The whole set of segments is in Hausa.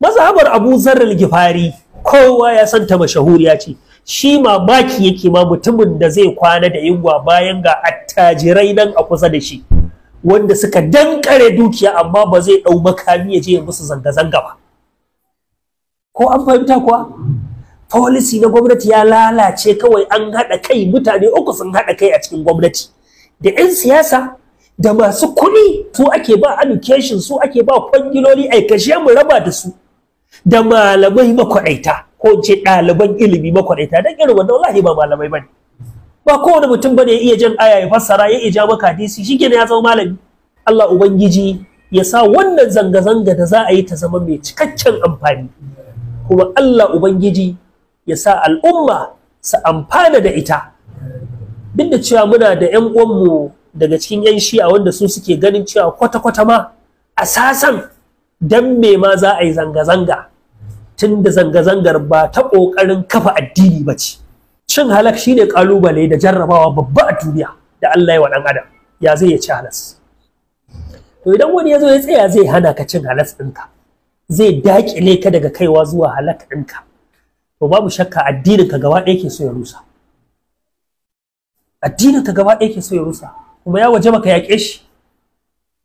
mazhabar abu zarral gifari kowa ya san ta mashahuriya ce shi ma baki yake ma mutumin da zai kwana da yunwa bayan ga attajirai nan a kusa da shi wanda suka dankare dukiya amma ba zai dau makami ya je musu zanga-zanga ba ko an fahimta kuwa policy na gwamnati ya lalace kawai an haɗa kai mutane uku sun haɗa kai a cikin gwamnati da 'yan siyasa da masu kuɗi su ake ba education su ake ba kwangiloli ai kashe mu raba da su da malamai makwaɗaita ko ce ɗaliban ilimi makwaɗaita don irin wanda wallahi ba malamai ba ne ba kowane mutum bane ya iya jan aya ya fassara ya ija ja maka hadisi shi ya zama malami Allah Ubangiji ya sa wannan zanga-zanga da za a yi ta zama mai cikakken amfani kuma Allah Ubangiji ya sa al'umma su amfana da ita duk da cewa muna da 'yan uwanmu daga cikin 'yan shi'a wanda su suke ganin cewa kwata-kwata ma a sasan dan me ma za a yi zanga-zanga tunda zanga-zangar ba ta ƙoƙarin kafa addini ba ce cin halak shine ƙalubale da jarrabawa babba a duniya da Allah ya wa ɗan adam ya zai ya ci halas to idan wani ya zo ya tsaya zai hana ka cin halas ɗinka zai daƙile ka daga kaiwa zuwa halak ɗinka to babu shakka addinin ka gaba ɗaya ke so ya rusa addinin ka gaba ɗaya ke so ya rusa kuma ya waje maka yaƙe shi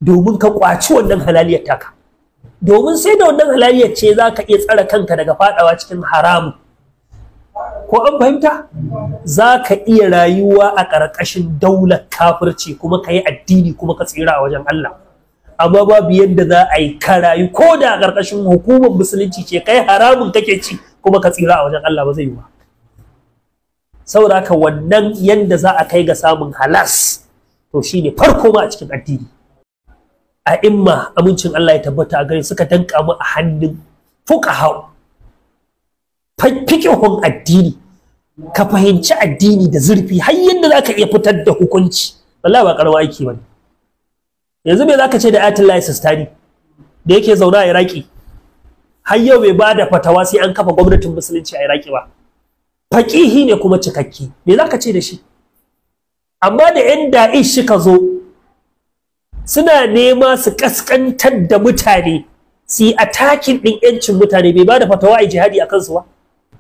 domin ka ƙwaci wannan halaliyar taka domin sai da wannan halaliyar ce za ka iya tsara kanka daga fadawa cikin haramu. ko an fahimta za ka iya rayuwa a ƙarƙashin daular kafirci kuma ka yi addini kuma ka tsira a wajen Allah amma babu yadda za a yi ka rayu ko da a ƙarƙashin hukumar musulunci ce kai haramun kake ci kuma ka tsira a wajen Allah ba zai yi ba saboda ka wannan yadda za a kai ga samun halas to shine farko ma a cikin addini a imma amincin Allah ya tabbata a gare suka danka mu a hannun fuqaha hon addini ka fahimci addini da zurfi har yadda zaka iya fitar da hukunci wallahi ba karwa aiki bane yanzu me zaka ce da Lahi Sistani da yake zauna a Iraki har yau bai bada fatawa sai an kafa gwamnatin musulunci a Iraki ba faqihi ne kuma cikakke me zaka ce da shi amma da yan da'ish suka zo suna nema su kaskantar da mutane su yi atakin ɗin yancin mutane bai bada fatawa a jihadi a kansu ba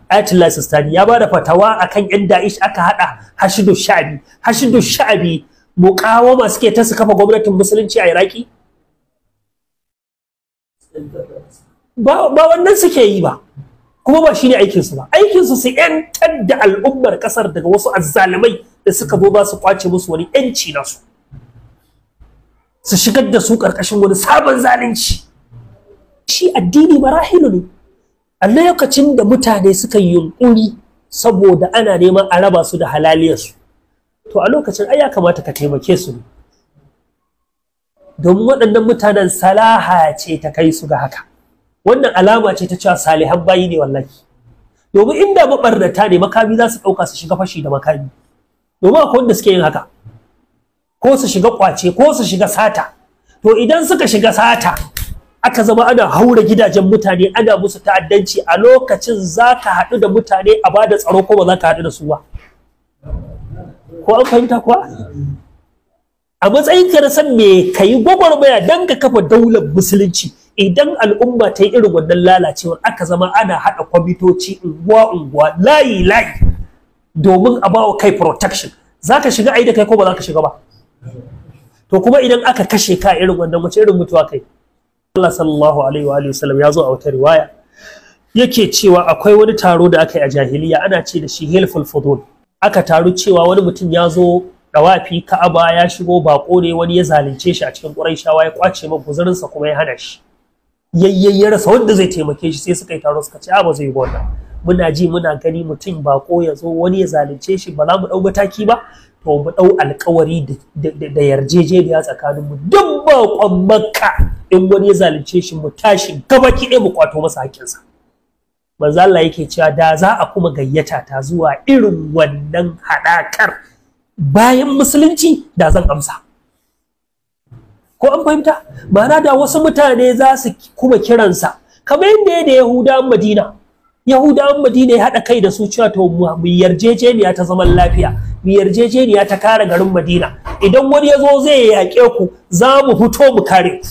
ayatollah sistani ya da fatawa akan yan da'ish aka haɗa hashidu sha'abi hashidu sha'abi muƙawama suke ta su kafa gwamnatin musulunci a iraki ba wannan suke yi ba kuma ba shine aikinsu ba aikinsu su yantar da al'ummar ƙasar daga wasu azzalumai da suka zo ba su kwace musu wani yanci nasu su shigar da su ƙarƙashin wani sabon zalunci shi addini marahilu ne a lokacin da mutane suka yunƙuri saboda ana neman a raba su da su. to a lokacin ai ya kamata ka taimake su ne domin waɗannan mutanen salaha ce ta kai su ga haka wannan alama ce ta cewa salihan bayi ne wallahi domin inda mabarnata ne makami za su ɗauka su shiga fashi da makami domin akwai wanda suke yin haka ko su shiga kwace ko su shiga sata to idan suka shiga sata aka zama ana haura gidajen mutane ana musu ta'addanci a lokacin za ka haɗu da mutane a bada tsaro ko ba za ka haɗu da su ba ko an fahimta kuwa a matsayin ka na san me ka yi gwagwarmaya don ka kafa daular musulunci idan al'umma ta yi irin wannan lalacewar aka zama ana haɗa kwamitoci unguwa unguwa layi layi domin a bawa kai protection za ka shiga aida kai ko ba za ka shiga ba to kuma idan aka kashe ka irin wannan mace irin mutuwa kai Allah sallallahu alaihi wa alihi wasallam ya zo a wata riwaya yake cewa akwai wani taro da aka yi a jahiliya ana ce da shi hilful fudul aka taru cewa wani mutum ya zo dawafi ka'aba ya shigo bako ne wani ya zalunce shi a cikin quraishawa ya kwace man guzurinsa kuma ya hana shi yayyen ya rasa wanda zai taimake shi sai suka yi taro suka ce a ba zai yi wannan muna ji muna gani mutum bako ya zo wani ya zalunce shi ba za mu dau mataki ba to mu ɗau alkawari da yarjejeniya tsakanin mu duk baƙon makka in wani ya zalunce shi mu tashi gaba kiɗe mu kwato masa hakinsa manzo Allah yake cewa da za a kuma gayyata ta zuwa irin wannan haɗakar bayan musulunci da zan amsa ko an fahimta ma'ana da wasu mutane za su kuma kiransa kamar yadda da yahudawan madina yahudawan madina ya haɗa kai da su cewa to mu yarjejeniya ta zaman lafiya mu yarjejeniya ta kare garin madina idan wani ya zai yaƙe ku za mu fito mu kare ku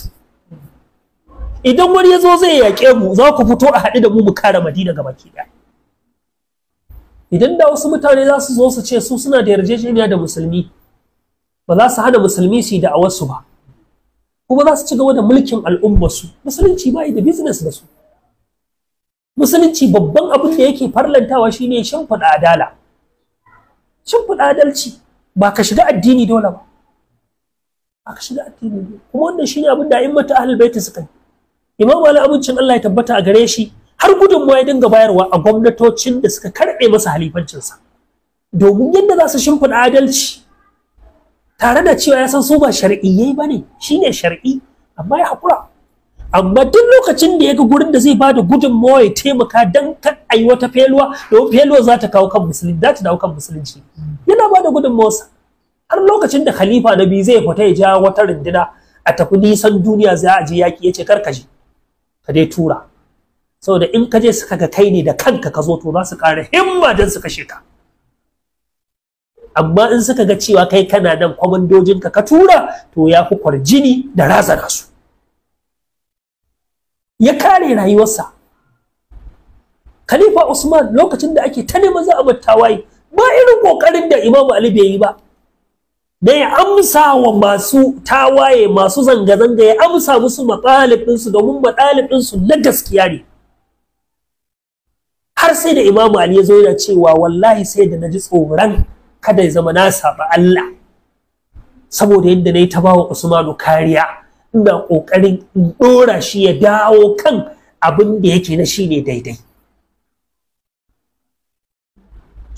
idan wani ya zai yaƙe mu za ku fito a haɗu da mu mu kare madina gaba ke ɗaya idan da wasu mutane za su zo su ce su suna da yarjejeniya da musulmi ba za su hana musulmi su yi da'awarsu ba kuma za su ci gaba da mulkin al'ummarsu musulunci ba yi da business da su musulunci babban abin da yake farlantawa shine shan faɗa adala shimfiɗa adalci ba ka shiga addini dole ba ba ka shiga addini dole kuma wannan shine abin da a'immatu ahlul baiti suka yi imam ali abincin Allah ya tabbata a gare shi har gudunmawa ya dinga bayarwa a gwamnatocin da suka karɓe masa halifancinsa domin yadda za su shimfiɗa adalci tare da cewa ya san su ba shar'iyyai ba ne shine shar'i amma ya haƙura amma duk lokacin da ya ga gurin da zai ba da gudunmawa ya taimaka dan kan ayi wata feluwa domin feluwa za ta kawo kan musulunci za ta dawo kan musulunci yana ba da gudunmawarsa har lokacin da khalifa na biyu zai fita ya ja wata rindina a tafi nisan duniya za a je yaƙi ya ce kar ka je ka dai tura saboda in ka je suka ga kai ne da kanka ka zo to za su ƙara himma don su kashe ka amma in suka ga cewa kai kana nan kwamandojinka ka tura to ya fi kwarjini da razana su ya kare rayuwarsa khalifa usman lokacin da ake ta neman za a tawaye ba irin kokarin da imamu ali bai yi ba da ya amsa wa masu tawaye masu zanga-zanga ya amsa musu matsalifinsu domin matsalifinsu na gaskiya ne har sai da imamu ali ya zo yana cewa wallahi sai da na ji tsoron kada ya zama na saba allah saboda yadda na yi ta bawa usmanu kariya ina ƙoƙarin in shi ya dawo kan abin da yake na shi ne daidai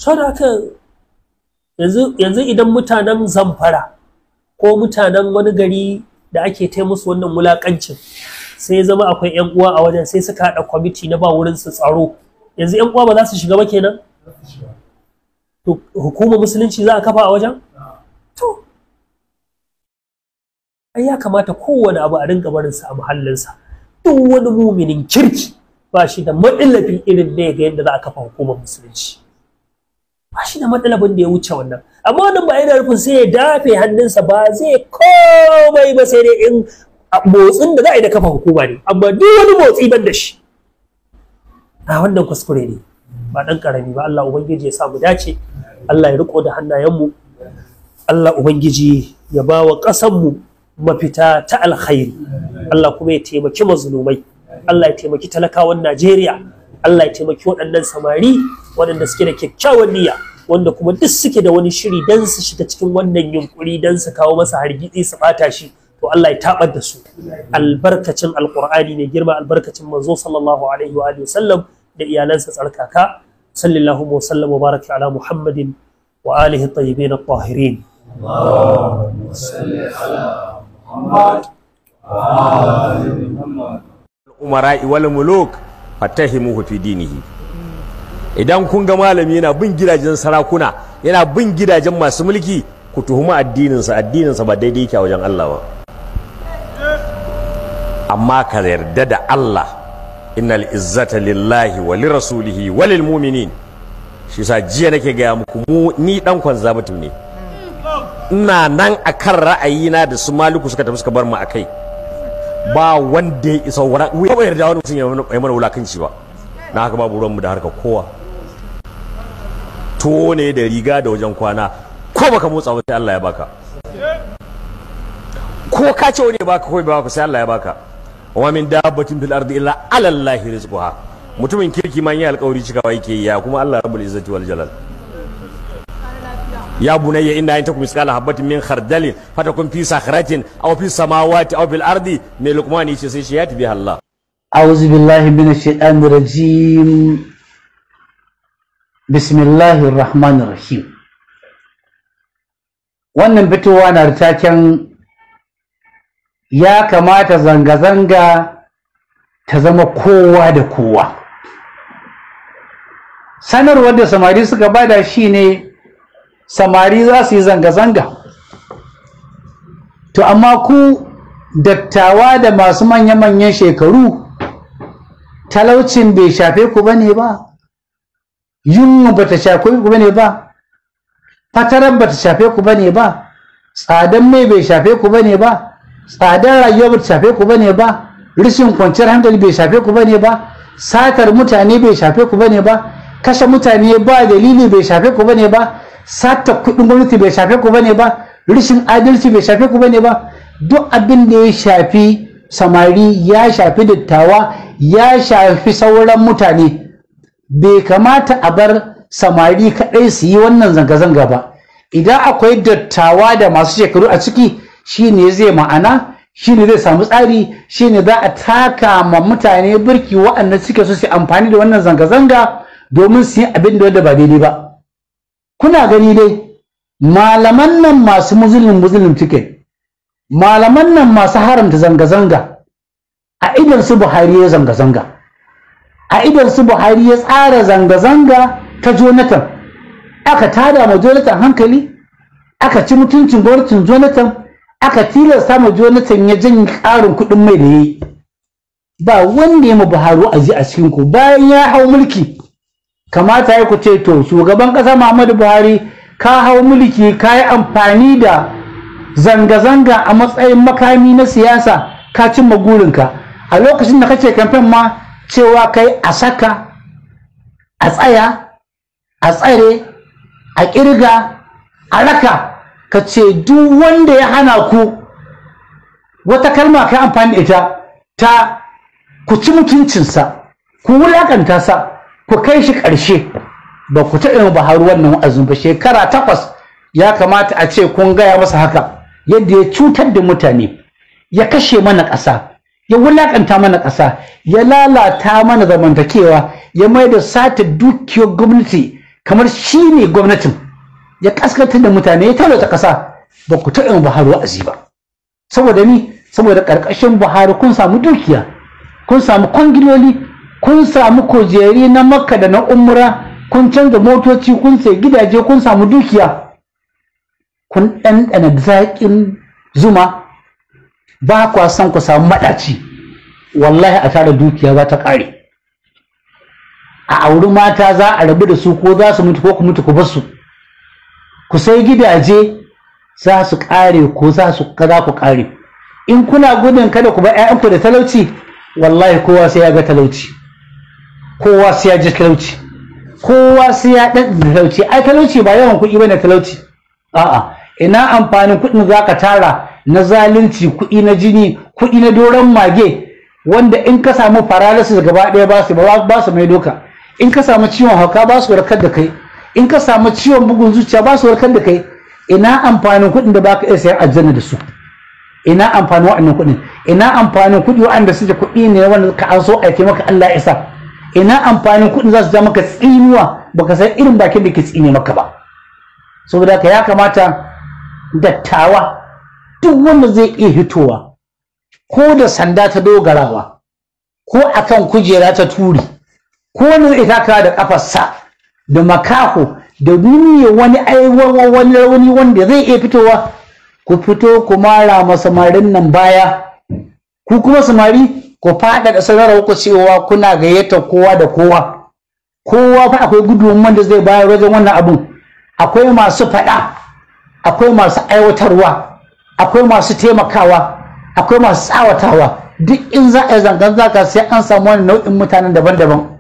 haka yanzu idan mutanen zamfara ko mutanen wani gari da ake ta musu wannan wulakancin sai ya zama akwai yan uwa a wajen sai suka haɗa kwamiti na ba wurin su tsaro yanzu yan uwa ba za su shiga ba kenan to hukumar musulunci za a kafa a wajen ai ya kamata kowane abu a dinga barinsa a muhallinsa duk wani muminin kirki ba shi da matsalabin irin da ya ga yadda za a kafa hukumar musulunci ba shi da matsalabin da ya wuce wannan amma wannan ba yana rufin sai ya dafe hannunsa ba zai komai ba sai dai in motsin da za a yi da kafa hukuma ne amma duk wani motsi ban da shi a wannan kuskure ne ba dan karami ba Allah ubangiji ya sa mu dace Allah ya riko da hannayenmu Allah ubangiji ya ba wa ƙasanmu mafita ta alkhairi Allah kuma ya taimaki mazlumai Allah ya taimaki talakawan Najeriya Allah ya taimaki waɗannan samari waɗanda suke da kyakkyawan niyya wanda kuma duk suke da wani shiri dan su shiga cikin wannan yunkuri dan su kawo masa hargitsi su bata shi to Allah ya tabar da su albarkacin alqur'ani ne girma albarkacin manzo sallallahu alaihi wa alihi wasallam da iyalansa tsarkaka sallallahu wa sallam baraka ala muhammadin wa alihi tayyibin at-tahirin اللهم صل على umara'i wal muluk fatahimuhu idan kun ga malami yana bin gidajen sarakuna yana bin gidajen masu mulki ku tuhuma addininsa addininsa ba daidai yake a wajen Allah ba amma ka yarda da Allah innal izzata lillahi wa lirasulihi wa lilmu'minin shi sa jiya nake gaya muku mu ni dan kwanza mutum ne ina nan a kan ra'ayina da su maliku suka tafi suka bar mu a kai ba wanda ya isa wani wuya ba yarda wani mutum ya mana wulakanci ba na haka babu ruwanmu da harka kowa to ne da riga da wajen kwana ko baka motsa ba sai Allah ya baka ko ka ce wani ya baka ko ba baka sai Allah ya baka wa min dabbatin fil ardi illa ala Allah rizquha mutumin kirki man yi alƙawari cikawa yake ya kuma Allah rabbul izzati wal jalal ya bunayya inna in kum misqala habatin min khardalin fatakun fi sakhratin aw fi samawati aw bil ardi mai lukman yace sai shi ya tabi Allah a'udhu billahi minash shaitani rajim bismillahir rahmanir rahim wannan fitowa na taken ya kamata zanga-zanga ta zama kowa da kowa sanarwar da samari suka bada shi ne samari za su yi zanga-zanga to amma ku dattawa da masu manya-manyan shekaru talaucin bai shafe ku bane ba yunwa bata shafe ku bane ba fatarar bata shafe ku bane ba tsadan mai bai shafe ku bane ba tsadar rayuwa bata shafe ku bane ba rishin kwanciyar hankali bai shafe ku bane ba satar mutane bai shafe ku bane ba kashe mutane ba dalili bai shafe ku bane ba sata kuɗin gwamnati bai shafe ku bane ba rishin adalci bai shafe ku bane ba duk abin da ya shafi samari ya shafi dattawa ya shafi sauran mutane bai kamata a bar samari kadai su yi wannan zanga-zanga ba idan akwai dattawa da masu shekaru a ciki shine zai ma'ana shine zai samu tsari shine za a taka ma mutane birki waɗanda suke so su amfani da wannan zanga-zanga domin su yi abin da ba daidai ba kuna gani dai malaman nan masu muzulun muzulun cike malaman nan masu haramta zanga-zanga a idan su buhari ya zanga-zanga a idan su buhari ya tsara zanga-zanga ta jonathan aka tada ma jonathan hankali aka ci mutuncin gwamnatin jonathan aka tilasta ma jonathan ya janye ƙarin kuɗin mai da ya yi ba wanda ya ma buhari a a cikin ku bayan ya hau mulki kamata ya ku ce to shugaban ƙasa Muhammadu Buhari ka hau mulki ka yi amfani da zanga-zanga a matsayin makami na siyasa ka cimma gurinka a lokacin da kace kamfen ma cewa kai a saka a tsaya a tsare a ƙirga a raka ka ce duk wanda ya hana ku wata kalma ka amfani da ita ta ku ci mutuncinsa ku wulakanta sa ku kai shi ƙarshe ba ku taɓa yin har wannan wa'azin ba shekara takwas ya kamata a ce kun gaya masa haka yadda ya cutar da mutane ya kashe mana ƙasa ya wulaƙanta mana ƙasa ya lalata mana zamantakewa ya mai da sata dukiyar gwamnati kamar shi ne gwamnatin ya kaskantar da mutane ya talauta ƙasa ba ku taɓa buhari wa'azi ba saboda ni saboda ƙarƙashin buhari kun samu dukiya kun samu kwangiloli kun samu kujeri na makka da na umra kun canza motoci kun sai gidaje kun samu dukiya kun ɗanɗana zaƙin zuma ba kwa son ku samu maɗaci wallahi a tara dukiya za ta ƙare a auri mata za a rabu da su ko za su mutu ko ku mutu ku bar su ku sai gidaje za su ƙare ko za su kaza ku ƙare in kuna gudun kada ku bar 'ya'yanku da talauci wallahi kowa sai ya ga talauci kowa sai ya ji talauci kowa sai ya dan talauci ai talauci ba yawan kuɗi bane talauci a'a ina amfanin kuɗin zaka tara na zalunci kuɗi na jini kuɗi na doron mage wanda in ka samu paralysis gaba ɗaya ba su ba su mai doka in ka samu ciwon hauka ba su warkar da kai in ka samu ciwon bugun zuciya ba su warkar da kai ina amfanin kuɗin da baka iya sayan aljanna da su ina amfanin waɗannan kuɗin ina amfanin kuɗi waɗanda suke kuɗi ne wanda ka an so aike maka Allah ya isa ina amfanin kuɗin za su ja maka tsinuwa baka san irin bakin da ke tsine maka ba saboda ka ya kamata dattawa duk wanda zai iya hitowa ko da sanda ta dogarawa ko akan kujera ta turi ko wanda zai taka da kafarsa da makaho da duniya wani aiwawa wani rauni wanda zai iya fitowa ku fito ku mara masamarin nan baya ku kuma samari ku faɗaɗa sanarwa ku cewa kuna gayyatar kowa da kowa kowa fa akwai gudunman da zai bayar wajen wannan abun akwai masu faɗa akwai masu aiwatarwa akwai masu taimakawa akwai masu tsawatawa duk in za a yi zangan zaka sai an samu wani nau'in mutanen daban-daban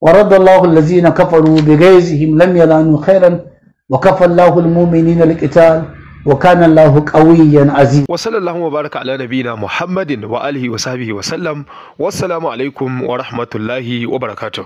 wa radallahu allazina kafaru bi ghaizihim lam yalanu khairan wa kafa Allahu almu'minina وكان الله قويا عزيزا وصلى الله وبارك على نبينا محمد وآله وصحبه وسلم والسلام عليكم ورحمة الله وبركاته